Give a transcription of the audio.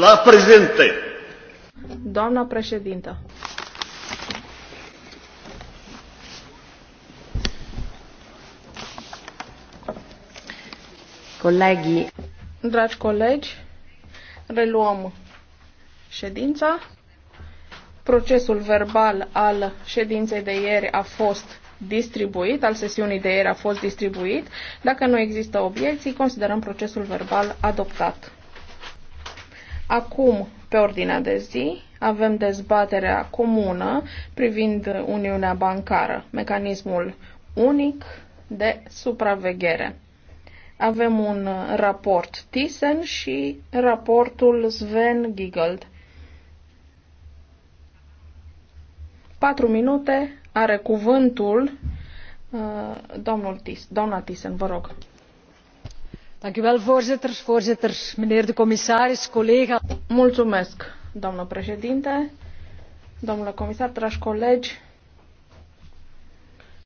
la prezente. Doamna președintă. Colegii. Dragi colegi, reluăm ședința. Procesul verbal al ședinței de ieri a fost distribuit, al sesiunii de ieri a fost distribuit. Dacă nu există obiecții, considerăm procesul verbal adoptat. Acum, pe ordinea de zi, avem dezbaterea comună privind Uniunea Bancară, mecanismul unic de supraveghere. Avem un raport Thyssen și raportul Sven Giegold. Patru minute are cuvântul uh, domnul Tis, doamna Thyssen, vă rog voorzitter mijnheer de commissaris collega's. mulțumesc doamnă președinte domnule comisar dragi colegi